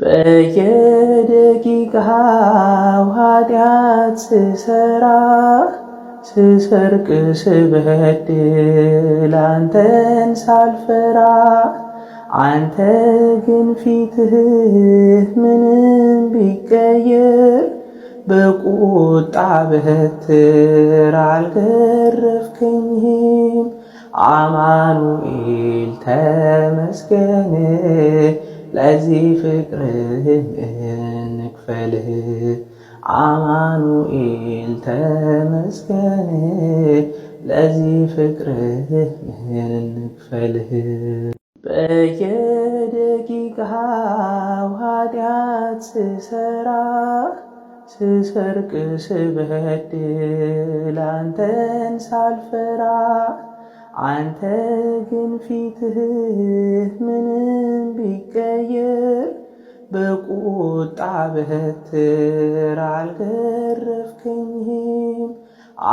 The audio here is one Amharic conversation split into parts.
በየደቂቃው ኃጢአት ስሰራ ስሰርቅ ስበድል አንተን ሳልፈራ አንተ ግን ፊትህ ምንም ቢቀየር በቁጣ በትር አልገረፍከኝም። አማኑኤል ተመስገን ለዚህ ፍቅርህ እንክፈልህ አማኑኤል ተመስገን ለዚህ ፍቅርህ እንክፈልህ በየደቂቃው ኃጢአት ስሰራ ስሰርቅ ስበድል አንተን ሳልፈራ አንተ ግን ፊትህ ምንም ቢቀየር በቁጣ በትር አልገረፍከኝም።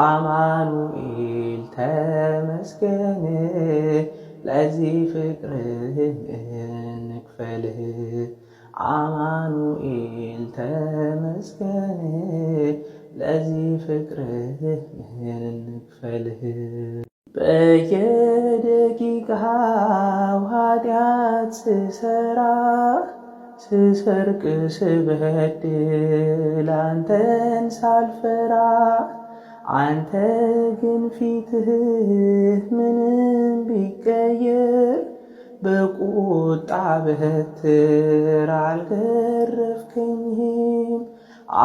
አማኑኤል ተመስገን፣ ለዚህ ፍቅርህ እንክፈልህ። አማኑኤል ተመስገን፣ ለዚህ ፍቅርህ እንክፈልህ። በየደቂቃው ኃጢአት ስሰራ ስሰርቅ ስበድል አንተን ሳልፈራ አንተ ግን ፊትህ ምንም ቢቀየር በቁጣ በትር አልገረፍከኝም።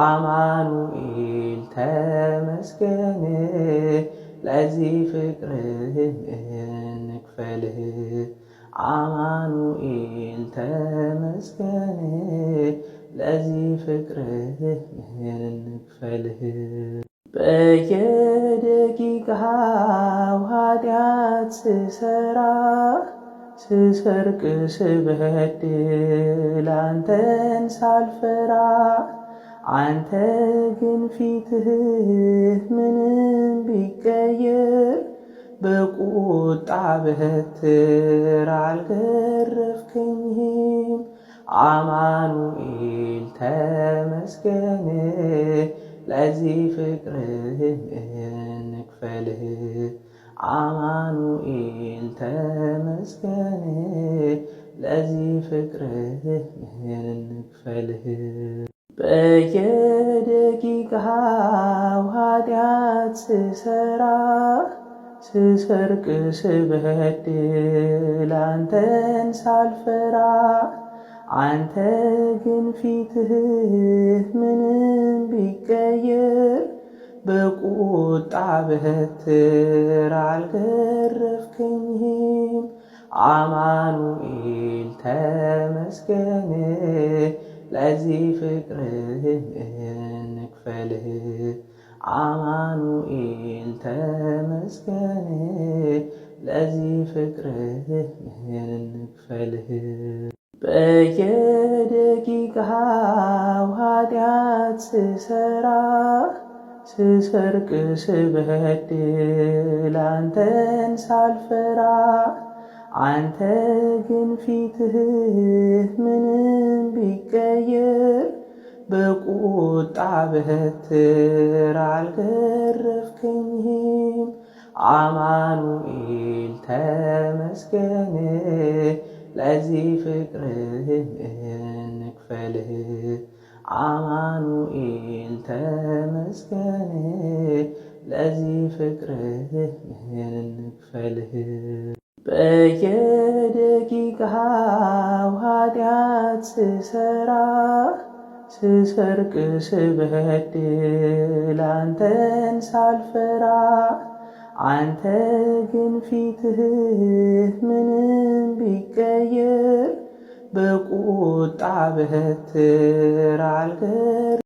አማኑኤል ተመስገን ለዚህ ፍቅርህ እንክፈልህ አማኑኤል ተመስገን ለዚህ ፍቅርህ እንክፈልህ በየደቂቃው ኃጢአት ስሰራ ስሰርቅ ስበድል አንተን ሳልፈራ አንተ ግን ፊትህ ምንም ቢቀየር በቁጣ በትር አልገረፍከኝም። አማኑኤል ተመስገን፣ ለዚህ ፍቅርህ እንክፈልህ። አማኑኤል ተመስገን፣ ለዚህ ፍቅርህ እንክፈልህ። በየደቂቃው ኃጢአት ስሰራ ስሰርቅ ስበድል አንተን ሳልፈራ አንተ ግን ፊትህ ምንም ቢቀየር በቁጣ በትር አልገረፍከኝም። አማኑኤል ተመስገን ለዚህ ፍቅርህ እንክፈልህ አማኑኤል ተመስገን ለዚህ ፍቅርህ እንክፈልህ በየደቂቃው ኃጢአት ስሰራ ስሰርቅ ስበድል አንተን ሳልፈራ አንተ ግን ፊትህ ምንም ቢቀየር በቁጣ በትር አልገረፍከኝም። አማኑኤል ተመስገን፣ ለዚህ ፍቅርህ እንክፈልህ። አማኑኤል ተመስገን፣ ለዚህ ፍቅርህ እንክፈልህ። በየደቂቃው ኃጢአት ስሰራ ስሰርቅ ስበድል አንተን ሳልፈራ አንተ ግን ፊትህ ምንም ቢቀየር በቁጣ በትር አልገር